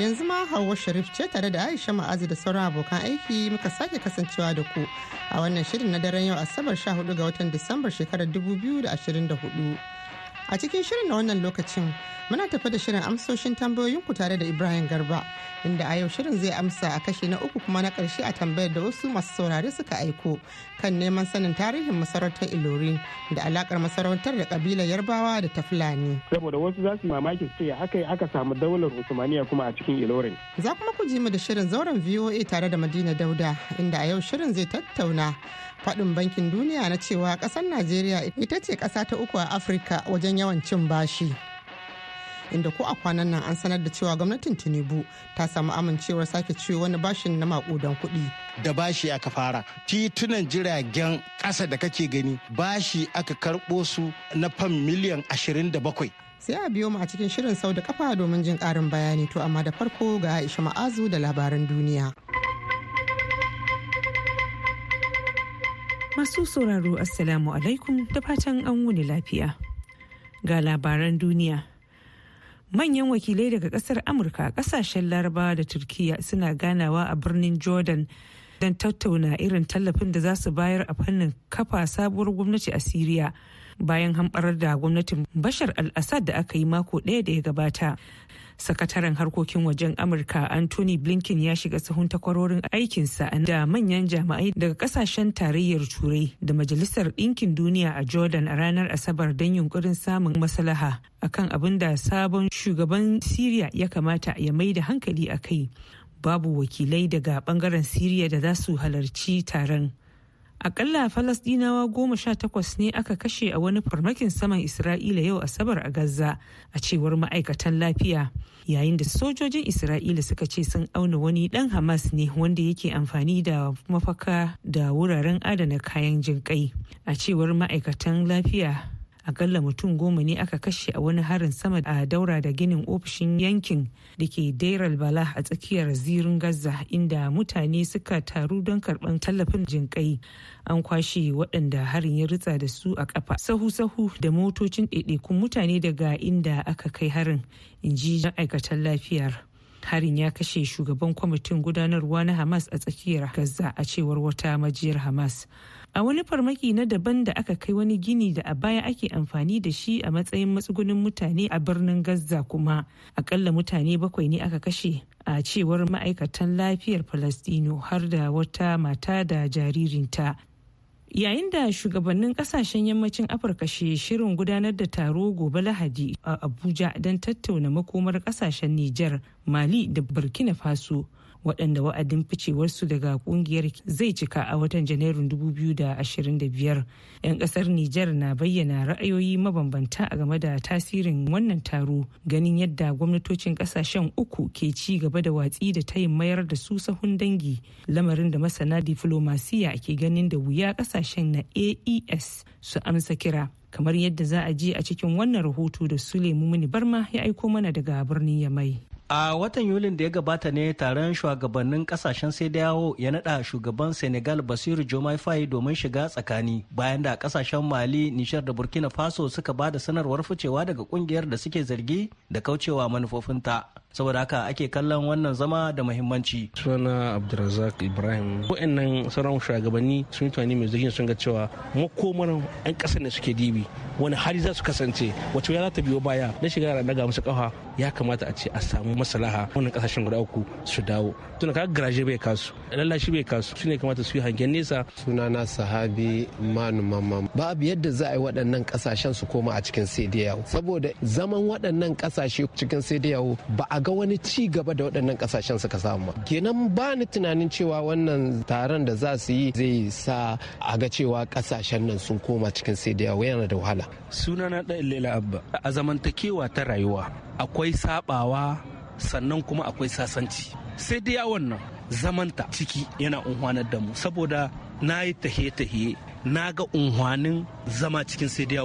yanzu ma hawa Sharif ce tare da Aisha Ma'azu da sauran abokan aiki muka sake kasancewa da ku a wannan shirin na daren yau Asabar 14 ga watan Disambar shekarar 2024. A cikin shirin na wannan lokacin muna tafi da shirin amsoshin tambayoyinku tare da Ibrahim Garba inda a yau shirin zai amsa a kashe na uku kuma na karshe a tambayar da wasu masu saurare suka aiko kan neman sanin tarihin masarautar Ilorin da alakar masarautar da kabilar Yarbawa da ta Fulani. Saboda wasu za su mamaki su ce haka aka samu daular Usmaniya kuma a cikin Ilorin. Za kuma ku ji mu da shirin zauren VOA tare da Madina Dauda inda a yau shirin zai tattauna faɗin bankin duniya na cewa ƙasar najeriya ita ce ƙasa ta uku a afirka wajen yawan cin bashi inda ko a kwanan nan an sanar da cewa gwamnatin tinubu ta samu amincewar sake ciwo wani bashin na makudan kuɗi da bashi aka fara titunan jiragen ƙasa da kake gani bashi aka karɓo su na fam miliyan bakwai. sai a biyo mu a cikin shirin sau da kafa domin jin ƙarin bayani to amma da farko ga aisha ma'azu da labaran duniya. Masu sauraro Assalamu alaikum da fatan an wuni lafiya. Ga labaran duniya. Manyan wakilai daga kasar Amurka kasashen Larabawa da Turkiya suna ganawa a birnin Jordan don tattauna irin tallafin da za su bayar a fannin kafa sabuwar gwamnati a Siriya bayan hamɓarar da gwamnatin Bashar al-Assad da aka yi mako ɗaya da ya gabata. sakataren harkokin wajen amurka anthony blinken ya shiga sahun takwarorin aikinsa da manyan jami'ai daga kasashen tarayyar turai da majalisar ɗinkin duniya a jordan a ranar asabar don yunkurin samun maslaha akan abin da sabon shugaban syria ya kamata ya mai da hankali a kai babu wakilai daga bangaren syria da za su halarci taron Akalla Falasdinawa goma sha takwas ne aka kashe a wani farmakin saman Isra'ila yau Asabar a Gaza a cewar ma'aikatan lafiya. Yayin da sojojin Isra'ila suka ce sun auna wani ɗan Hamas ne wanda yake amfani da mafaka da wuraren adana kayan jinƙai. A cewar ma'aikatan lafiya akalla mutum goma ne aka kashe a wani harin sama a daura da ginin ofishin yankin da ke dairal bala a tsakiyar zirin gaza inda mutane suka taru don karban tallafin jinkai an kwashe waɗanda harin ya ritsa da su a kafa sahu-sahu da motocin ɗaiɗaikun mutane daga inda aka kai harin in ji ma'aikatan lafiyar harin ya kashe shugaban kwamitin gudanarwa na hamas a tsakiyar gaza a cewar wata majiyar hamas a wani farmaki na daban da aka kai wani gini da a baya ake amfani da shi a matsayin matsugunin mutane a birnin gaza kuma akalla mutane bakwai ne aka kashe a cewar ma'aikatan lafiyar palestino har da wata mata da jaririnta yayin da shugabannin kasashen yammacin afirka shi shirin gudanar da taro gobe lahadi a abuja don tattauna makomar kasashen nijar mali da burkina faso waɗanda wa'adin ficewarsu daga kungiyar zai cika a watan janairun 2025 'yan ƙasar nijar na bayyana ra'ayoyi mabambanta a game da tasirin wannan taro ganin yadda gwamnatocin ƙasashen uku ke ci gaba da watsi da tayin mayar da su sahun dangi lamarin da masana diflomasiya ke ganin da wuya ƙasashen na aes su amsa kira kamar yadda za a ji a cikin wannan rahoto da Sule Mumuni Barma ya aiko mana daga birnin Yamai. A watan Yulin da ya gabata ne taron shugabannin kasashen sai da yawo ya naɗa shugaban Senegal Basiru Jomai Faye domin shiga tsakani bayan da kasashen Mali, Nishar da Burkina Faso suka ba da sanarwar ficewa daga kungiyar da suke zargi da kaucewa manufofinta. saboda haka ake kallon wannan zama da muhimmanci suna abdulrazak ibrahim nan sauran shugabanni sun yi tunani mai zurfi sun ga cewa makomar yan ƙasar da suke dibi wani hali za su kasance wacce ya za ta biyo baya na shiga da daga musu kafa ya kamata a ce a samu masalaha wannan kasashen guda uku su dawo tun ka garaje bai kasu lallashi bai kasu su kamata su yi hangen nesa sunana sahabi manu mamman babu yadda za a yi waɗannan kasashen su koma a cikin sai saboda zaman waɗannan kasashe cikin sai ba a ga wani ci gaba da waɗannan ƙasashen suka samu kenan ba ni tunanin cewa wannan taron da za su yi zai sa a ga cewa ƙasashen nan sun koma cikin sai da yana da wahala sunana ɗan lela abba a zamantakewa ta rayuwa akwai saɓawa sannan kuma akwai sasanci sai da yawon nan zamanta ciki yana unhwanar da mu saboda na yi tahe-tahe na ga unhwanin zama cikin sai da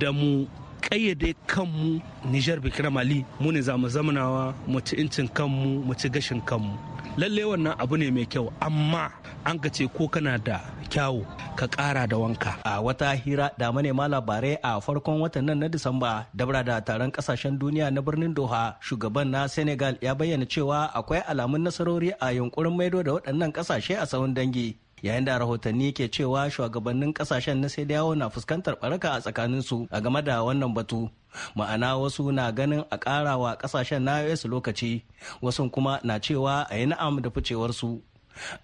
da mu kayyade kanmu Nijar Bikira Mali mu ne za mu zamanawa mu ci incin kanmu mu ci gashin kanmu lalle wannan abu ne mai kyau amma an ka ce ko kana da kyawu ka kara da wanka a wata hira da manema labarai a farkon watan nan na disamba dabra da taron kasashen duniya na birnin doha shugaban na senegal ya bayyana cewa akwai alamun nasarori a yunkurin maido da waɗannan kasashe a tsawon dangi yayin da rahotanni ke cewa shugabannin kasashen na sai yawo na fuskantar baraka a tsakaninsu a game da wannan batu ma'ana wasu na ganin a karawa kasashen na US lokaci wasu kuma na cewa a yi na'am da ficewar su.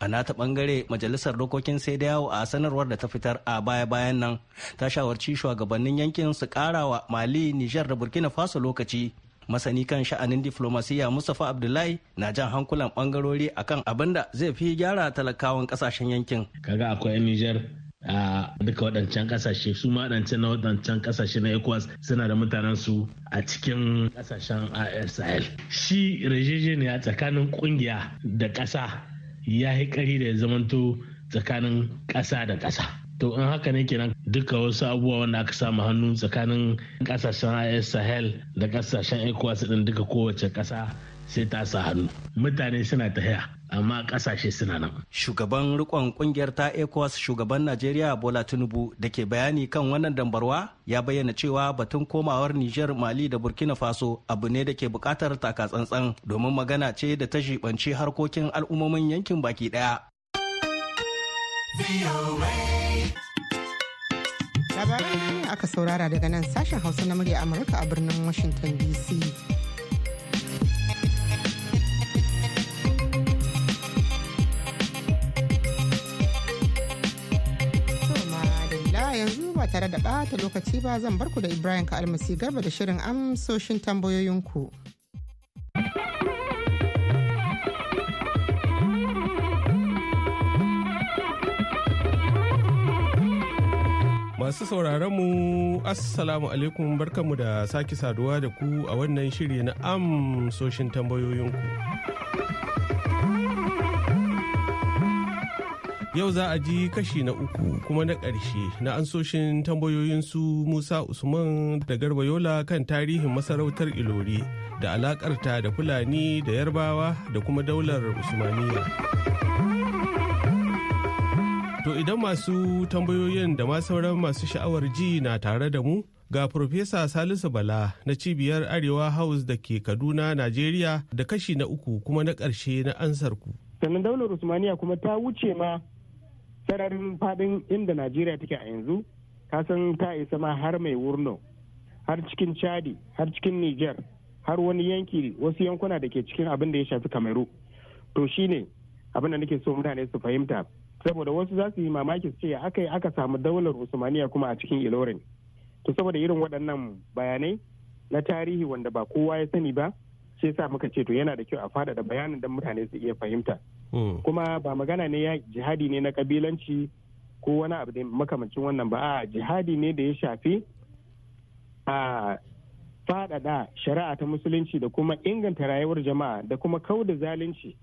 a nata bangare majalisar dokokin sai da yawo a sanarwar da ta fitar a baya bayan nan ta shawarci shugabannin yankin su karawa mali Niger, da burkina faso lokaci masani kan sha'anin diflomasiyya mustapha abdullahi na jan hankulan bangarori akan abin da zai fi gyara talakawan kasashen yankin kaga akwai niger a duka waɗancan ƙasashe su ma na waɗancan ƙasashe na ecowas suna da mutanen su a cikin ƙasashen ASL. shi a tsakanin ƙungiya da ƙasa ya yi ƙari da ya zamanto tsakanin ƙasa da ƙasa to in haka ne kenan duka wasu abubuwa wanda aka samu hannu tsakanin kasashen is sahel da kasashen ecowas din duka kowace kasa sai ta sa hannu mutane suna ta haya amma kasashe suna nan shugaban rikon kungiyar ta ecowas shugaban najeriya bola tinubu da ke bayani kan wannan dambarwa ya bayyana cewa batun komawar niger mali da burkina faso abu ne da ke bukatar takatsantsan domin magana ce da ta shibanci harkokin al'ummomin yankin baki daya Labarai aka saurara daga nan sashen Hausa na murya Amurka a birnin Washington DC. yanzu ba tare da ɓata lokaci ba zan barku da Ibrahim ka almasi garba da shirin amsoshin tambayoyinku. Masu sauraron mu Assalamu alaikum barkanmu da sake saduwa da ku a wannan shiri na amsoshin tambayoyinku. Yau za a ji kashi na uku kuma na ƙarshe na ansoshin tambayoyinsu Musa Usman da Garba Yola kan tarihin masarautar Ilori da alakarta da Fulani da Yarbawa da kuma daular Usmaniya. To idan masu tambayoyin da ma sauran masu sha'awar ji na tare da mu ga Profesa Salisu Bala na cibiyar Arewa House da ke Kaduna, Najeriya da kashi na uku kuma na ƙarshe na ansar ku. Sannan daular Usmaniya kuma ta wuce ma sararin fadin inda Najeriya take a yanzu, ta san ta isa ma har mai wurno, har cikin Chadi, har cikin Niger, har wani yanki wasu yankuna da ke cikin abin da ya shafi Kamaru. To shine abin da nake so mutane su fahimta saboda wasu za su yi mamaki su ce aka yi aka samu daular usmaniya kuma a cikin ilorin to saboda irin waɗannan bayanai na tarihi wanda ba kowa ya sani ba shi yasa muka ce to yana da kyau a faɗaɗa bayanin don mutane su iya fahimta hmm. kuma ba magana ne ya jihadi ne na kabilanci ko wani abu da makamancin wannan ba a jihadi ne da ya shafi a faɗaɗa shari'a ta musulunci da kuma inganta rayuwar jama'a da kuma kau da zalunci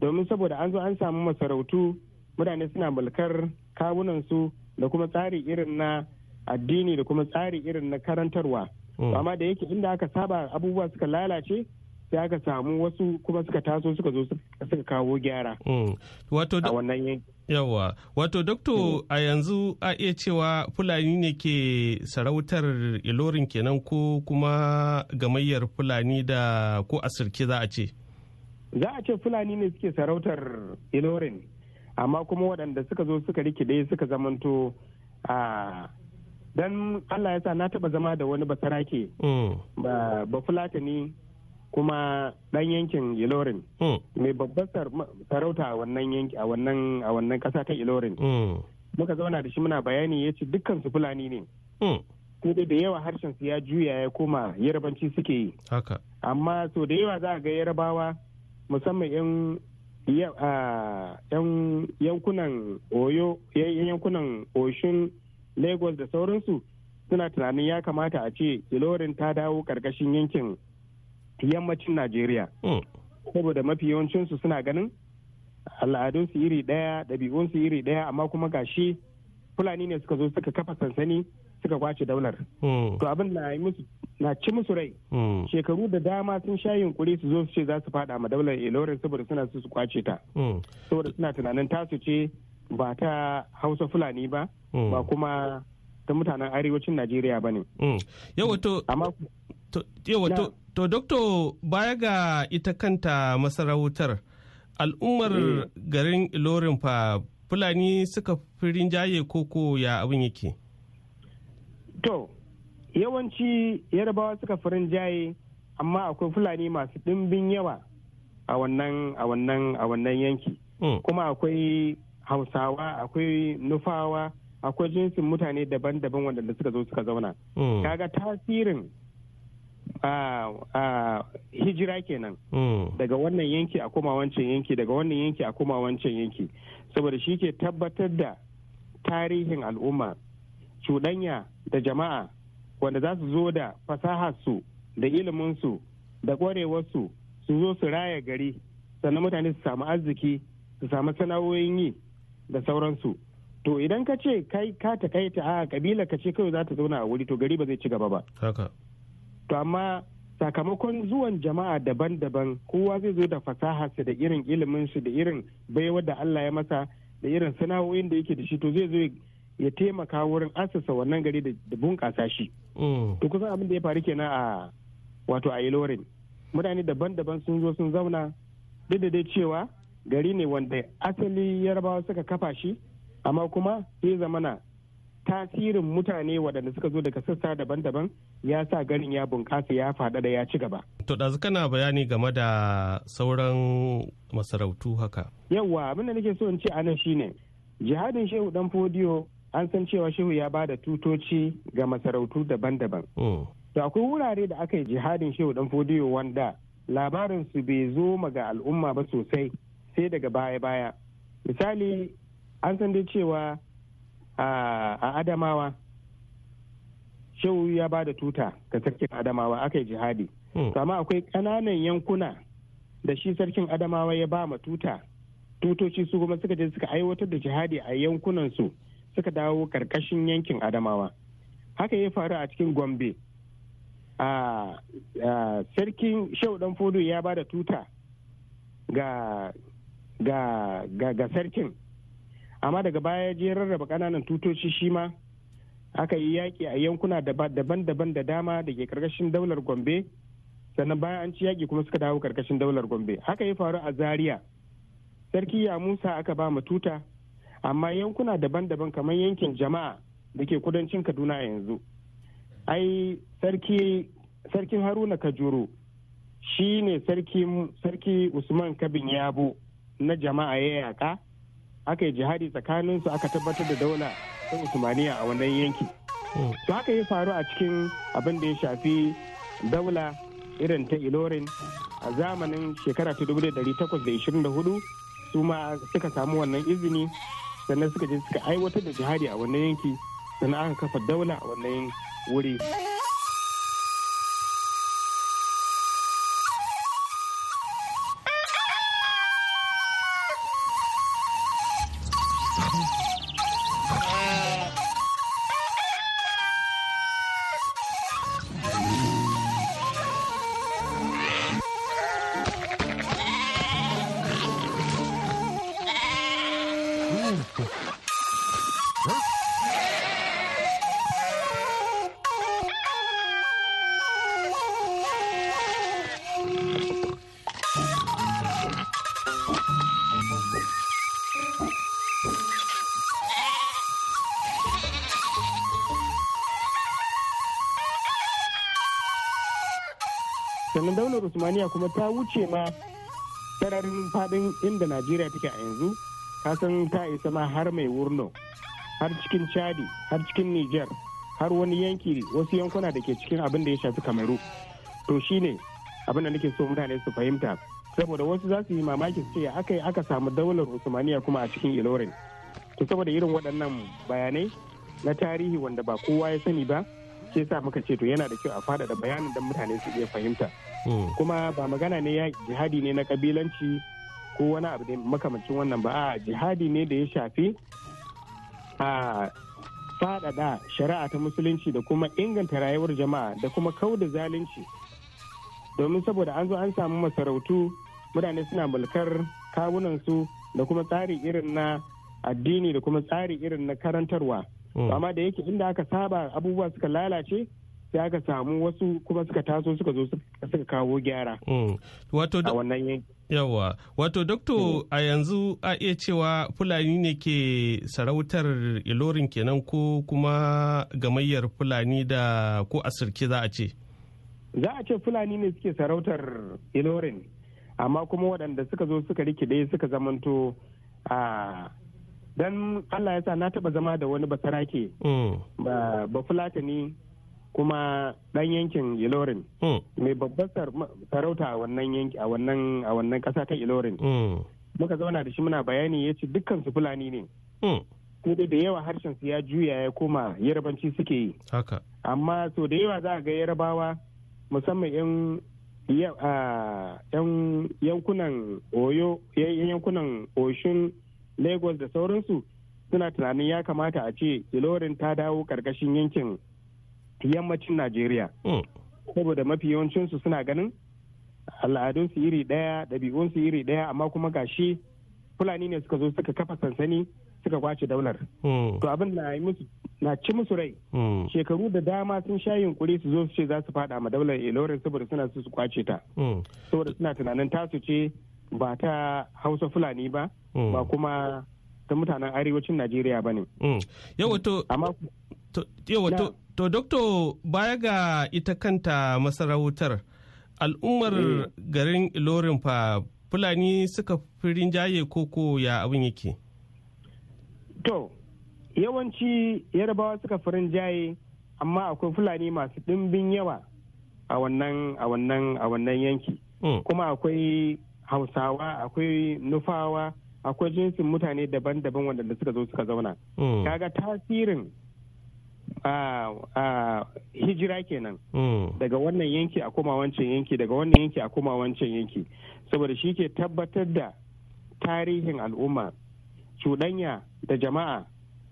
domin saboda an zo an samu masarautu mutane suna mulkar kawunansu da kuma tsari irin na addini da kuma tsari irin na karantarwa mm. amma da yake inda aka saba abubuwa suka lalace sai aka samu wasu kuma suka taso suka zo suka kawo gyara mm. a wannan yanki yawa wato doktor mm. a yanzu a iya cewa fulani ne ke sarautar ilorin kenan ko kuma gamayyar fulani da ko a sirke za a ce za a ce fulani ne suke sarautar ilorin amma kuma waɗanda suka zo suka rikide suka zamanto a dan allah ya sa na taɓa zama da wani basarake mm. ba fulatani kuma ɗan yankin ilorin mm. mai babbar sarauta a wannan yanki a wannan ƙasa ta ilorin mm. muka zauna da shi muna bayani ya ce dukkan su fulani ne sai da yawa harshen su ya juya ya koma yarabanci suke yi amma so da yawa za a ga yarabawa musamman yan yankunan oyo yankunan oshun lagos da sauransu suna tunanin ya kamata a ce ilorin ta dawo karkashin yankin yammacin najeriya hmm. saboda mafi yawancinsu suna ganin al'adunsu iri ɗaya ɗabi'unsu iri daya amma kuma gashi fulani ne suka zo suka kafa sansani suka kwace daular hmm. to abin na yi musu na ci musu rai hmm. shekaru da dama sun sha yunkuri su zo su ce za su fada ma daular ilorin saboda suna su su kwace ta hmm. saboda suna tunanin tasu ce ba ta hausa fulani ba hmm. ba kuma ta mutanen arewacin najeriya ba ne to doktor baya ga ita kanta masarautar al'ummar eh. garin ilorin fa fulani suka firin rinjaye koko ya abin yake to yawanci yarabawa suka farin jaye amma akwai fulani masu ɗimbin yawa a wannan a wannan a wannan yanki mm. kuma akwai hausawa akwai nufawa akwai jinsin mutane daban-daban wanda suka zo suka zauna mm. kaga tasirin hijira kenan mm. daga wannan yanki a koma wancan yanki daga wannan yanki a koma wancan yanki saboda shi ke tabbatar da tarihin al'umma cuɗanya da jama'a wanda za su zo da fasaharsu da iliminsu da ƙwarewarsu su zo su raya gari sannan mutane su samu arziki su samu sana'o'in yi da sauransu to idan ka ce kai ka ta kai ta a kabila ka ce kawai za ta zauna a wuri to gari ba zai ci gaba ba to amma sakamakon zuwan jama'a daban-daban kowa zai zo da fasaharsa da irin ilimin shi da irin baiwar da Allah ya masa da irin sana'o'in da yake da shi to zai zo ya taimaka wurin asasa wannan gari da bunƙasa shi mm. to kusan abin da ya faru kenan a wato a ilorin mutane daban-daban sun zo sun zauna duk da dai cewa gari ne wanda asali yarabawa suka kafa shi amma kuma sai zamana tasirin mutane waɗanda suka zo daga sassa daban-daban ya sa garin ya bunƙasa ya faɗa da ya ci gaba. To ɗazu kana bayani game da sauran masarautu haka. Yawwa abin da nake so in ce anan shine jihadin Shehu Dan Fodiyo an san cewa shehu ya ba da tutoci ga masarautu daban-daban oh. to akwai wurare da aka yi jihadin shehu dan fodiyo wanda labarin su bai zo ga al'umma ba sosai sai daga baya-baya misali an san dai cewa a adamawa shehu ya ba da tuta ga sarkin adamawa aka yi jihadi hmm. amma akwai ƙananan yankuna da shi sarkin adamawa ya ba ma tuta tutoci su kuma suka je suka aiwatar da jihadi a yankunan su suka dawo karkashin yankin adamawa haka ya faru a cikin gombe a sarkin shaudan fudu ya ba da tuta ga ga sarkin amma daga baya je rarraba kananan tutoci shi ma aka yi yaƙi a yankuna daban-daban da dama da ke karkashin daular gombe sannan bayan an ci yaƙi kuma suka dawo karkashin daular gombe haka ya faru a zaria sarki ya musa aka ba mu tuta amma yankuna daban-daban kamar yankin jama'a da ke kudancin kaduna yanzu ai sarki sarkin haruna kajuru shi ne sarki usman kabin yabo na jama'a ya yaka aka yi jihadi tsakaninsu aka tabbatar da daula ta usmaniya a wannan yanki to haka ya faru a cikin abin da ya shafi daula irin ta ilorin a zamanin shekara ta 1824 su ma suka samu wannan izini sannan suka je suka aiwatar da jihadi a wannan yanki sannan aka kafa daula a wannan wuri usmaniya kuma ta wuce ma sararin fadin inda najeriya take a yanzu kasan ta isa ma har mai wurno har cikin chadi har cikin niger har wani yanki wasu yankuna da ke cikin abin da ya shafi kamaru to shi ne abin da nake so mutane su fahimta saboda wasu za su yi mamaki su ce aka yi aka samu daular usmaniya kuma a cikin ilorin to saboda irin waɗannan bayanai na tarihi wanda ba kowa ya sani ba sai sa muka ce to yana da kyau a faɗaɗa bayanin don mutane su iya fahimta Hmm. kuma ba magana ne ya jihadi ne na kabilanci ko wani abu ne makamancin wannan ba a jihadi ne da ya shafi a faɗaɗa shari'a ta musulunci da kuma inganta rayuwar jama'a da kuma kau da zalunci domin saboda an zo an samu masarautu mutane suna mulkar kawunansu da kuma tsari irin na addini da kuma tsari irin na karantarwa hmm. amma da yake inda aka saba abubuwa suka lalace sai aka samu wasu kuma suka taso suka zo suka kawo gyara mm. a wannan yanki yawa wato doktor mm. a yanzu a iya cewa fulani ne ke sarautar ilorin kenan ko kuma gamayyar fulani da ko a sirki za a ce za a ce fulani ne suke sarautar ilorin amma kuma waɗanda suka zo suka rikide suka zamanto a dan allah ya sa na taba zama da wani basarake mm. ba fulatani kuma dan yankin ilorin hmm. mai babbar sarauta a wannan yanki a wannan a wannan kasa ta ilorin hmm. muka zauna da shi muna bayani ya ce dukkan su fulani ne hmm. sai da yawa harshen su ya juya ya koma yarabanci suke yi amma so da yawa za a ga yarabawa musamman yan yankunan oyo yankunan oshun lagos da sauransu suna tunanin ya kamata a ce ilorin ta dawo karkashin yankin yammacin najeriya hmm. saboda mafi yawancinsu suna ganin al'adunsu iri ɗaya ɗabi'unsu iri ɗaya amma kuma gashi fulani ne suka zo suka kafa sansani suka kwace daular hmm. to abin na na ci musu rai hmm. shekaru da dama sun sha yunkuri su zo su ce za su fada ma daular ilorin saboda suna su su kwace ta saboda suna tunanin tasu ce ba ta hausa fulani ba ba kuma ta mutanen arewacin najeriya ba ne Yawato, To, Dokto, baya ga ita kanta masarautar al'ummar eh. garin Ilorin fa Fulani suka fi rinjaye koko ya abin yake? To, yawanci yarabawa suka fi rinjaye amma akwai Fulani masu ɗimbin yawa a wannan a wannan a wannan yanki. Hmm. Kuma akwai Hausawa, akwai Nufawa, akwai jinsin mutane daban-daban waɗanda suka zo suka zauna. Hmm. Kaga tasirin hijira kenan hmm. daga wannan yanki a koma wancan yanki daga wannan yanki a koma wancan yanki saboda shi ke tabbatar da tarihin al'umma cuɗanya da jama'a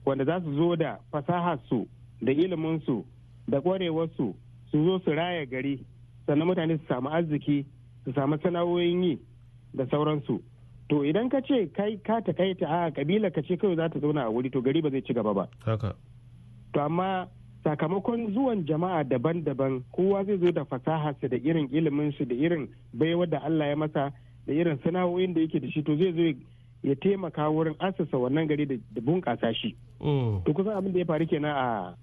wanda za su zo da fasaharsu da iliminsu da ƙwarewarsu su zo su raya gari sannan mutane su samu arziki su samu sana'o'in yi da sauransu to idan ka ce kai ka takaita a kabila ka ce kawai za ta zauna a wuri to gari ba zai ci gaba ba to amma sakamakon zuwan jama'a daban-daban kowa zai zo da fasaha su da irin ilimin su da irin baiwa da Allah ya masa da irin sana'o'in da yake da shi to zai zo ya taimaka wurin asasa wannan gari da bunƙasa shi. Mm. To kusan abin da ya faru kenan a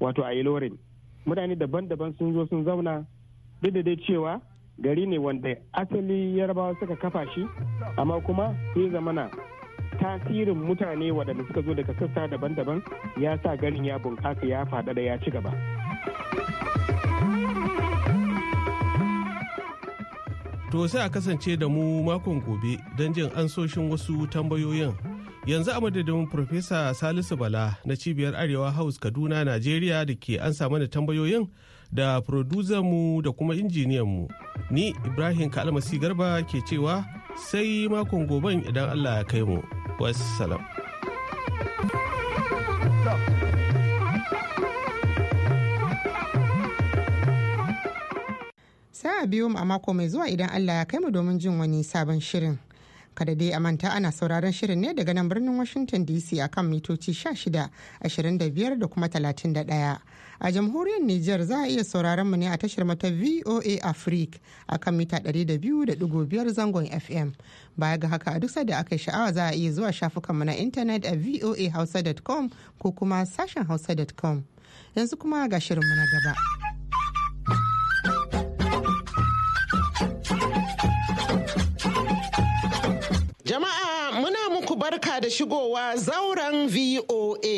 wato a Ilorin. Mutane daban-daban sun zo sun zauna duk da dai cewa gari ne wanda asali yarabawa suka kafa shi amma kuma sai zamana tasirin mutane waɗanda suka zo daga sassa daban-daban ya sa ganin ya bunƙasa ya faɗa da ya ci gaba. To sai a kasance da mu makon gobe don jin ansoshin wasu tambayoyin. Yanzu a madadin Profesa Salisu Bala na Cibiyar Arewa House Kaduna, Najeriya da ke an samu tambayoyin da mu da kuma mu Ni Ibrahim Kalmasi Garba ke cewa sai makon goben idan Allah ya kai mu. sai a biyo mu a mako mai zuwa idan allah ya kai mu domin jin wani sabon shirin kada dai a manta ana sauraron shirin ne daga nan birnin washington dc akan mitoci 16 25 da kuma 31 a jamhuriyar niger za a iya sauraron mu ne a tashar mata voa africa akan mita 200.5 zangon fm baya ga haka a duk da aka sha'awa za a iya zuwa shafukan mu na intanet a voahausa.com ko kuma sashen hausa.com yanzu kuma ga shirin mu na gaba. barka da shigowa zauren VOA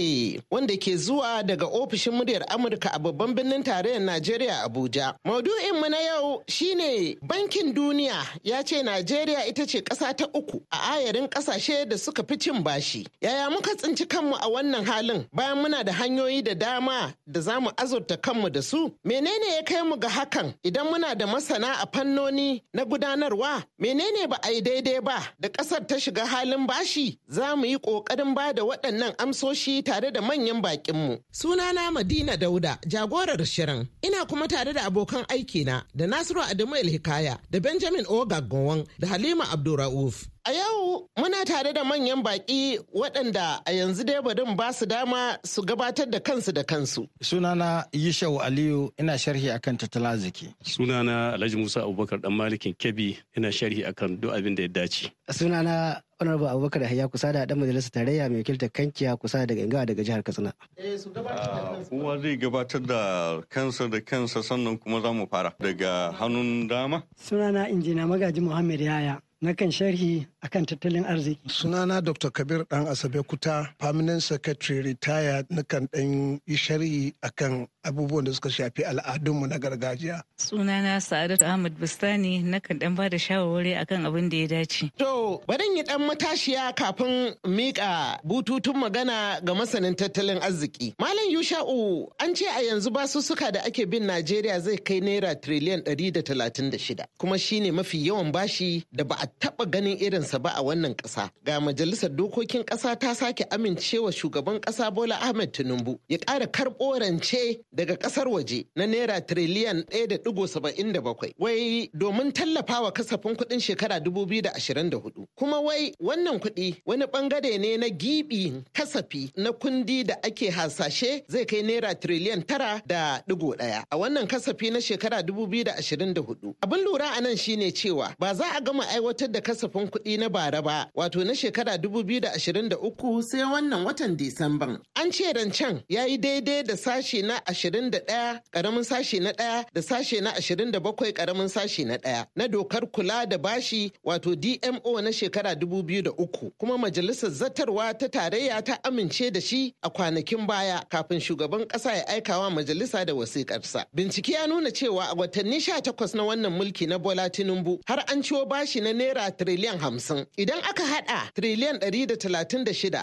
wanda ke zuwa daga ofishin muryar Amurka a babban birnin tarayyar Najeriya Abuja. Maudu'in mu na yau shine Bankin Duniya ya ce Najeriya ita ce ƙasa ta uku a ayarin ƙasashe da suka fi cin bashi. Yaya muka tsinci kanmu a wannan halin bayan muna da hanyoyi da dama da za mu azurta kanmu da su? Menene ya kai mu ga hakan idan muna da masana a fannoni na gudanarwa? Menene ba a yi daidai ba da ƙasar ta shiga halin bashi? Za mu yi ƙoƙarin ba da waɗannan amsoshi tare da manyan baƙinmu. Sunana Madina Dauda, jagorar shirin. Ina kuma tare da abokan aikina da Nasiru Adamu Hikaya da Benjamin Ogagowon da Halima Abdulra'uf. A yau muna tare da manyan baƙi waɗanda a yanzu dai barin ba su dama su gabatar da kansu da kansu. Sunana Yishau Aliyu ina sharhi akan tattalin arziki. Sunana Alhaji Musa Abubakar dan Malikin Kebbi ina sharhi akan duk abin da ya dace. Sunana ba abubakar haya kusa da dan majalisar tarayya mai wakiltar kankiya kusa da gangawa daga jihar katsina eh, ah, kowa zai gabatar da kansa da kansa sannan kuma za mu fara daga hannun dama sunana injina magaji muhammad yaya kan sharhi akan tattalin arziki. Sunana Dr. Kabir Dan Asabe Kuta, Permanent Secretary Retire kan ɗan yi sharhi akan abubuwan da suka shafi al'adunmu na gargajiya. Sunana Sa'adat Ahmad Bustani na kan dan ba shawarwari akan abin da ya dace. To, bari yi dan matashiya kafin mika bututun magana ga masanin tattalin arziki. Malam Yusha'u an ce a yanzu basussuka da ake bin Najeriya zai kai naira triliyan shida. kuma shine mafi yawan bashi da ba a taɓa ganin irinsa ba a wannan ƙasa. Ga majalisar dokokin ƙasa ta sake amincewa shugaban ƙasa Bola Ahmed Tinubu ya ƙara karɓo rance daga kasar waje na naira tiriliyan 1.77 wai domin tallafawa kasafin kuɗin shekara 2024 kuma wai wannan kuɗi wani bangare ne na gibi kasafi na kundi da ake hasashe zai kai naira tiriliyan 9.1 a wannan kasafi na shekara 2024 abin lura a nan shine cewa ba za a gama aiwatar da kasafin kuɗi na bara ba wato na shekara 2023 sai wannan watan disamban an ce rancen ya yi daidai da sashi na 21 karamin sashe na ɗaya da sashe na ashirin da 27 karamin sashe na ɗaya na dokar kula da bashi wato DMO na shekara dubu biyu da uku kuma majalisar zartarwa ta tarayya ta amince da shi a kwanakin baya kafin shugaban ƙasa ya aikawa majalisa da wasiƙarsa. Bincike ya nuna cewa a watanni sha takwas na wannan mulki na Bola Tinubu har an ciwo bashi na naira tiriliyan hamsin idan aka haɗa tiriliyan ɗari da tiriliyan 1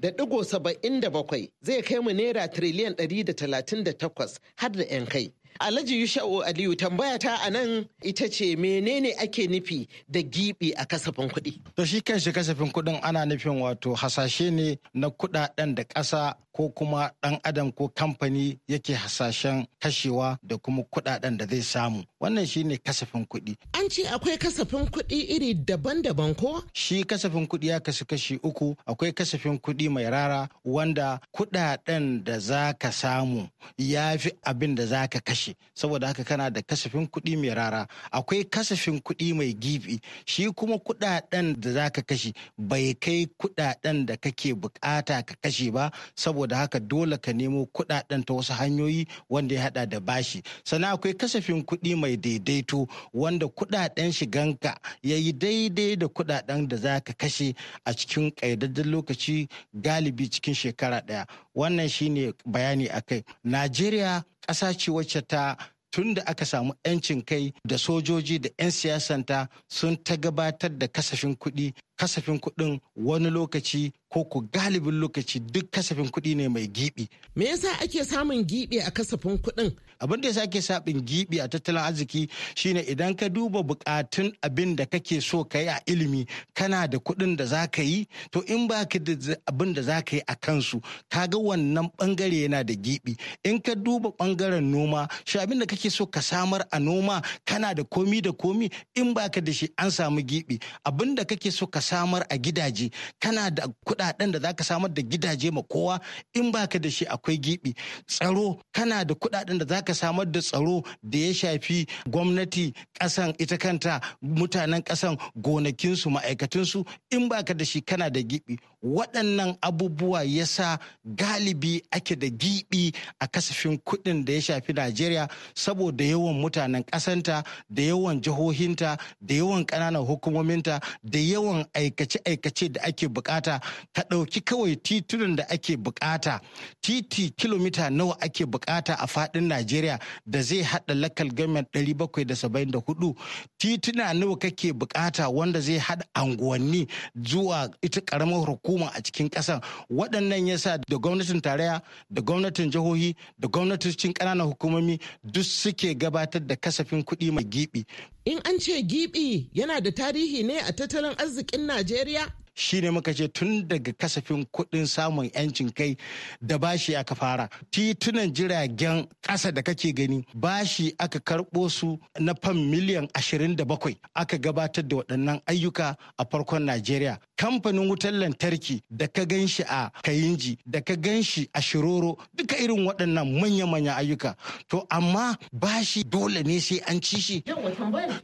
da da 77 zai kai mu naira tiriliyan 100 da da talatin takwas har da 'yan kai. Alhaji Yusha'u Aliyu tambaya ta a nan ita ce menene ake nufi da gibi a kasafin kuɗi. To shi kanshi kasafin kuɗin ana nufin wato hasashe ne na kuɗaɗen da ƙasa ko kuma ɗan adam ko kamfani yake hasashen kashewa da kuma kuɗaɗen da zai samu wannan shine kasafin kuɗi an ce akwai kasafin kuɗi iri daban-daban ko shi kasafin kuɗi ya kasu kashi uku akwai kasafin kuɗi mai rara wanda kuɗaɗen da za ka samu ya fi abin da za ka kashe saboda haka kana da kasafin kuɗi mai rara akwai kasafin kuɗi mai gibi shi kuma kuɗaɗen da za ka kashe bai kai kuɗaɗen da kake buƙata ka kashe ba saboda saboda haka dole ka nemo kuɗaɗen ta wasu hanyoyi wanda ya hada da bashi sannan akwai kasafin kuɗi mai daidaito wanda kudaden shiganka ya yi daidai da kudaden da za ka kashe a cikin ƙaidaddan lokaci galibi cikin shekara ɗaya wannan shine bayani akai najeriya ƙasa ce wacce ta tun da aka samu 'yancin kai da sojoji da 'yan siyasanta sun ta gabatar da kasafin kuɗi kasafin kuɗin wani lokaci ko ku galibin lokaci duk kasafin kuɗi ne mai giɓi. Me yasa ake samun giɓi a kasafin kuɗin? Abin da yasa ake samun giɓi a tattalin arziki shine idan ka duba buƙatun abin da kake so ka yi a ilimi kana da kuɗin da za ka yi to in ba ka da abin da za ka yi a kansu ka ga wannan bangare yana da giɓi. In ka duba bangaren noma shi abin da kake so ka samar a noma kana da komi da komi in ba ka da shi an samu giɓi abin da kake so ka samar a gidaje kana da kudaden da zaka samar da gidaje ma kowa in baka da shi akwai gibi tsaro kana da kudaden da zaka samar da tsaro da ya shafi gwamnati kasan ita kanta mutanen kasan gonakinsu ma'aikatunsu in baka da shi kana da gibi waɗannan abubuwa ya sa galibi ake da giɓi a kasafin kuɗin da ya shafi najeriya saboda yawan mutanen ƙasanta da yawan jihohinta da yawan ƙananan hukumominta da yawan aikace-aikace da ake bukata ka ɗauki kawai titunan da ake bukata titi kilomita nawa ake bukata a faɗin najeriya da zai haɗa lakal gamen 774 tituna nawa kake bukata wanda zai haɗa anguwanni zuwa ita ƙaramar hukuma a cikin ƙasar waɗannan ya sa da gwamnatin tarayya da gwamnatin jihohi da gwamnatocin ƙananan hukumomi duk suke gabatar da kasafin kuɗi mai giɓi. In an ce Giɓi yana da tarihi ne a tattalin arzikin Najeriya? shi ne muka ce tun daga kasafin kuɗin samun 'yancin kai da bashi aka fara titunan jiragen ƙasa da kake gani bashi aka karɓo su na fam miliyan 27 aka gabatar da waɗannan ayyuka a farkon najeriya kamfanin wutar lantarki da ka gan shi a kayinji da ka gan shi a shiroro duka irin waɗannan manya-manya ayyuka to amma bashi dole ne sai an ci shi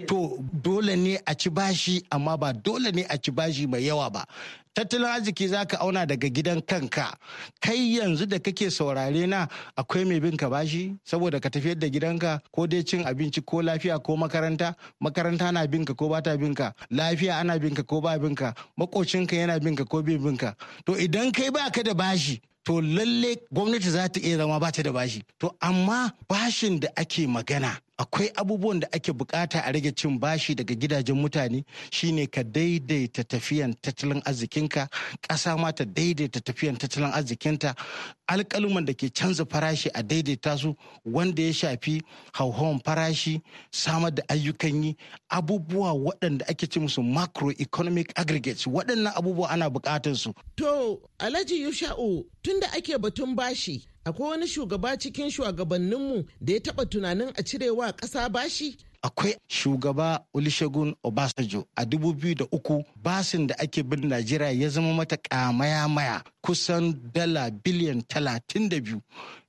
to dole ne a ci bashi amma ba dole ne a ci bashi mai yawa ba tattalin arziki za ka auna daga gidan kanka kai yanzu da kake saurare na akwai mai bin ka bashi saboda ka tafiyar da gidanka ko dai cin abinci ko lafiya ko makaranta makaranta na bin ka ko bata bin ka lafiya ana bin ka ko ba bin ka makocinka yana bin ka ko bai bin ka to idan kai baka da bashi to lalle gwamnati za ta iya zama ba ta da bashi to amma bashin da ake magana akwai abubuwan da ake bukata a rage cin bashi daga gidajen mutane shine ka daidaita tafiyan tattalin arzikinka ƙasa ma ta daidaita tafiyan tattalin arzikinta alkaluman da ke canza farashi a daidaita su wanda ya shafi hauhawan farashi samar da ayyukan yi abubuwa waɗanda ake ce musu macroeconomic aggregates waɗannan abubuwa ana bukatar su to alhaji yusha'u tunda ake batun bashi akwai wani shugaba cikin shugabanninmu da ya taɓa tunanin a cirewa ƙasa bashi akwai shugaba Olusegun Obasanjo a 2003 basin da ake bin Najeriya ya zama mata kamaya-maya kusan dala biliyan 32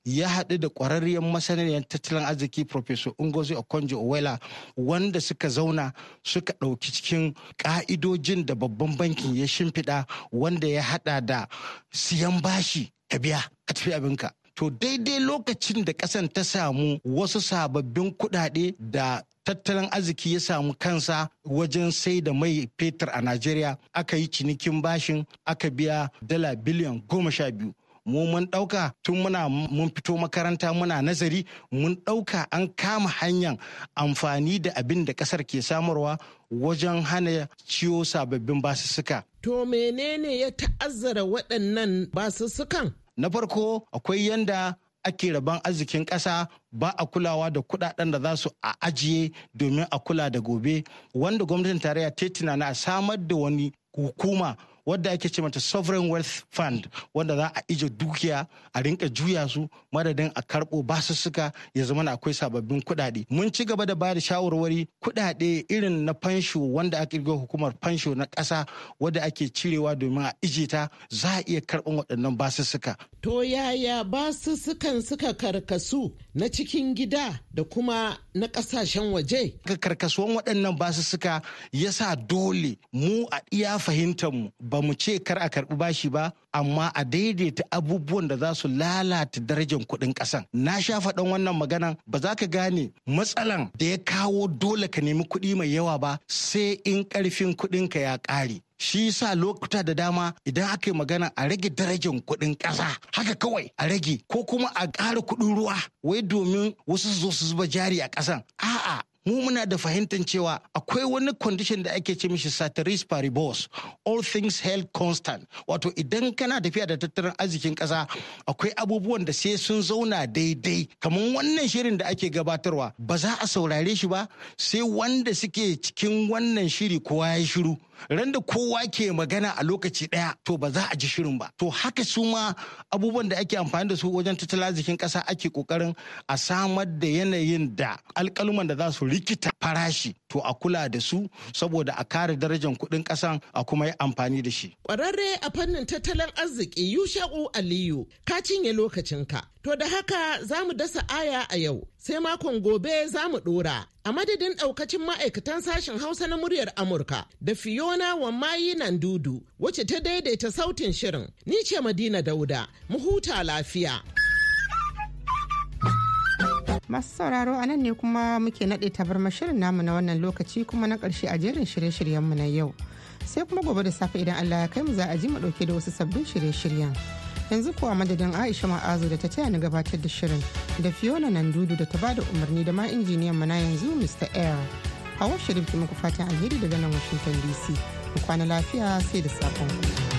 ya haɗu da ƙwararriyar masaniyar tattalin arziki Professor Ngozi okonjo Owela wanda suka zauna suka ɗauki cikin ƙa'idojin da babban bankin ya shimfiɗa wanda ya haɗa da siyan bashi ka biya ka tafi abinka to daidai lokacin da ƙasan ta samu wasu sababbin kuɗaɗe da tattalin arziki ya samu kansa wajen sai da mai fetur a Najeriya aka yi cinikin bashin aka biya dala biliyan goma sha biyu. Mu mun ɗauka tun muna mun fito makaranta muna nazari mun ɗauka an kama hanyar amfani da abin da ƙasar ke samarwa wajen hana ciwo sababbin basussuka. To menene ya ta'azzara waɗannan basussukan? na farko akwai yanda ake rabon arzikin ƙasa ba a kulawa da kudaden da za su a ajiye domin a kula da gobe wanda gwamnatin tarayya ta tunana a samar da wani hukuma wadda ake ce mata sovereign wealth fund wanda za a ije dukiya a rinka juya su madadin a karɓo basussuka ya zama na akwai sababbin kuɗaɗe mun ci gaba da ba da shawarwari kuɗaɗe irin na fansho wanda aka riga hukumar fansho na ƙasa wadda ake cirewa domin a ije ta za a iya karɓan waɗannan basussuka. to yaya basussukan suka karkasu na cikin gida da kuma na kasashen waje. karkasuwan waɗannan basussuka ya sa dole mu a iya fahimtar mu ba mu ce kar a karbi bashi ba amma a daidaita abubuwan da za su lalata darajar kuɗin ƙasan na sha ɗan wannan magana ba za ka gane matsalan da ya kawo dole ka nemi kuɗi mai yawa ba sai in ƙarfin kuɗinka ya ƙare shi sa lokuta da dama idan aka yi magana a rage darajar kuɗin ƙasa haka kawai a rage ko kuma a ƙara kuɗin ruwa wai domin wasu su zo su zuba jari a ƙasan a'a mu muna da fahimtar cewa akwai wani condition da ake ce mishi satiris paribos all things held constant wato idan kana tafiya da tattalin arzikin kasa akwai abubuwan da sai sun zauna daidai kamar wannan shirin da ake gabatarwa ba za a saurare shi ba sai wanda suke cikin wannan shiri kowa ya shiru randa kowa ke magana a lokaci ɗaya to ba za a ji shirin ba to haka su ma abubuwan da ake amfani da su wajen tattalin zikin ƙasa ake kokarin a samar da yanayin da alƙaluman da za su rikita farashi to a kula da su saboda a kare darajar kuɗin ƙasa a kuma yi amfani da shi. Ƙwararre a fannin tattalin arziki Yusha'u Aliyu ka cinye lokacinka To da haka za mu dasa aya a yau, sai makon gobe za mu ɗora. A madadin ɗaukacin ma'aikatan sashen Hausa na muryar Amurka da Fiona Wammayi Nandudu, wacce ta daidaita sautin shirin. Ni ce Madina Dauda, mu huta lafiya. Masu sauraro a nan ne kuma muke naɗe tabarmar shirin namu na wannan lokaci kuma na ƙarshe a jerin shirye-shiryenmu na yau. Sai kuma gobe da safe idan Allah ya kai mu za a ji mu ɗauke da wasu sabbin shirye-shiryen. yanzu kuwa madadin aisha ma'azu da ta taya ni gabatar da shirin da fiona nan dudu da ta bada umarni da ma injiniyan mana yanzu mr air a washe muku fatan alheri daga nan washington dc kwana lafiya sai da sakon